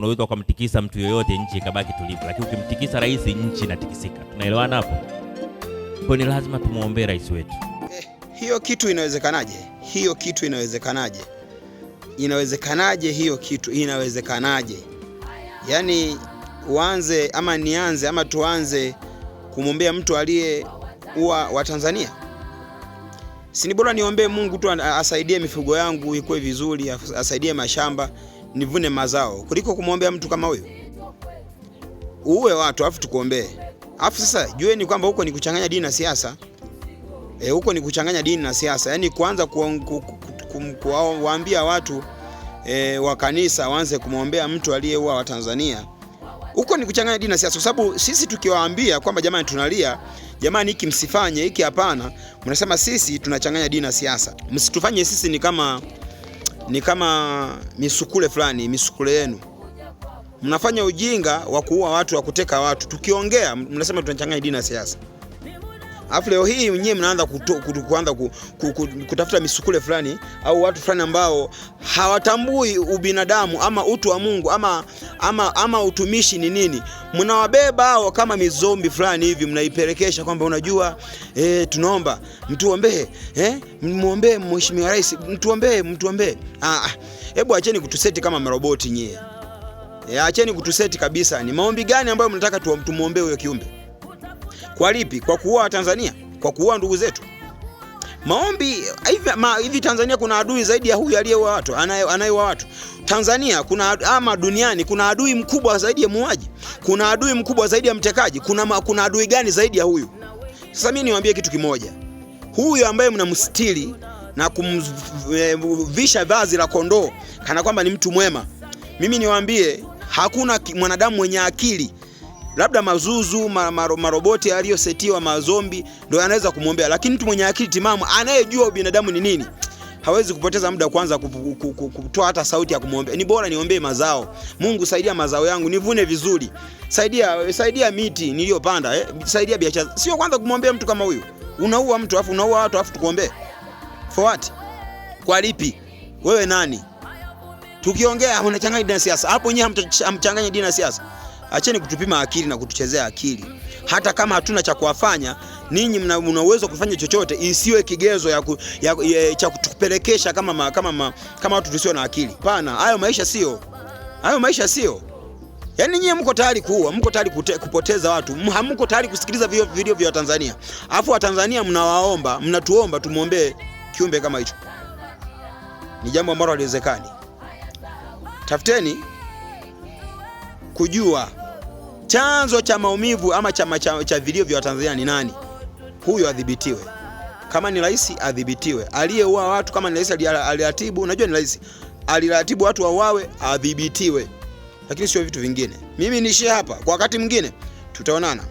unaweza ukamtikisa mtu yoyote, nchi ikabaki tulivu, lakini ukimtikisa rais, nchi inatikisika. Tunaelewana hapo? Kwa ni lazima tumwombee rais wetu. Eh, hiyo kitu inawezekanaje? Hiyo kitu inawezekanaje? Inawezekanaje hiyo kitu inawezekanaje? Yaani uanze ama nianze ama tuanze kumwombea mtu aliye wa wa Si ni bora niombee Mungu tu asaidie mifugo yangu ikuwe vizuri, asaidie mashamba nivune mazao kuliko kumwombea mtu kama huyo? Uwe watu afu tukuombee. Afu sasa jueni kwamba huko ni kuchanganya dini na siasa. E, huko ni kuchanganya dini na siasa. Yaani kuanza kuwaambia watu e, wa kanisa waanze kumwombea mtu aliyeua wa Tanzania. Huko ni kuchanganya dini na siasa kwa sababu sisi tukiwaambia kwamba jamani, tunalia jamani, hiki msifanye hiki, hapana, mnasema sisi tunachanganya dini na siasa. Msitufanye sisi ni kama ni kama misukule fulani, misukule yenu. Mnafanya ujinga wa kuua watu, wa kuteka watu. Tukiongea mnasema tunachanganya dini na siasa. Alafu leo hii nyewe mnaanza kuanza kutafuta misukule fulani au watu fulani ambao hawatambui ubinadamu ama utu wa Mungu ama, ama, ama utumishi ni nini. Mnawabeba hao kama mizombi fulani hivi, mnaipelekesha kwamba unajua e, tunaomba mtuombee, eh, muombe mheshimiwa rais, mtuombee, mtuombee. Ah, ah, hebu acheni kutuseti kama maroboti nyie. Eh, acheni kutuseti kabisa. Ni maombi gani ambayo mnataka tumuombee huyo kiumbe? Kwa lipi? Kwa kuua Watanzania, kwa kuua ndugu zetu. Maombi hivi, ma, hivi Tanzania kuna adui zaidi ya huyu aliyeua watu anayeua watu Tanzania kuna ama duniani kuna adui mkubwa zaidi ya muuaji? Kuna adui mkubwa zaidi ya mtekaji? Kuna, ma, kuna adui gani zaidi ya huyu? Sasa mimi niwaambie kitu kimoja, huyu ambaye mnamstiri na kumvisha vazi la kondoo kana kwamba ni mtu mwema, mimi niwaambie hakuna mwanadamu mwenye akili labda mazuzu ma, ma, maroboti aliyosetiwa mazombi ndo anaweza kumwombea, lakini mtu mwenye akili timamu anayejua binadamu ni nini hawezi kupoteza muda kwanza kutoa hata sauti ya kumwombea. Ni bora niombee mazao, Mungu saidia mazao yangu nivune vizuri, saidia, saidia miti niliyopanda eh, saidia biashara. Sio kwanza kumwombea mtu kama huyu. Unaua mtu afu unaua watu afu tukuombee for what? Kwa lipi? Wewe nani? Tukiongea unachanganya dini na siasa hapo, nyinyi hamchanganyi dini na siasa. Acheni kutupima akili na kutuchezea akili. Hata kama hatuna cha kuwafanya, ninyi mna uwezo kufanya chochote, isiwe kigezo ya, ku, ya, ya cha kutupelekesha kama ma, kama ma, kama watu tusio na akili. Pana, hayo maisha sio hayo maisha sio. Yaani nyie mko tayari kuua, mko tayari kupoteza watu, hamko tayari kusikiliza vilio vya Watanzania, alafu Watanzania mnawaomba, mnatuomba tumwombee kiumbe kama hicho. Ni jambo ambalo haliwezekani. Tafuteni kujua Chanzo cha maumivu ama cha, cha, cha vilio vya Watanzania ni nani? Huyo adhibitiwe. Kama ni rais adhibitiwe. Aliyeua watu kama ni rais aliratibu, unajua ni rais aliratibu watu wawawe, adhibitiwe, lakini sio vitu vingine. Mimi niishie hapa, kwa wakati mwingine tutaonana.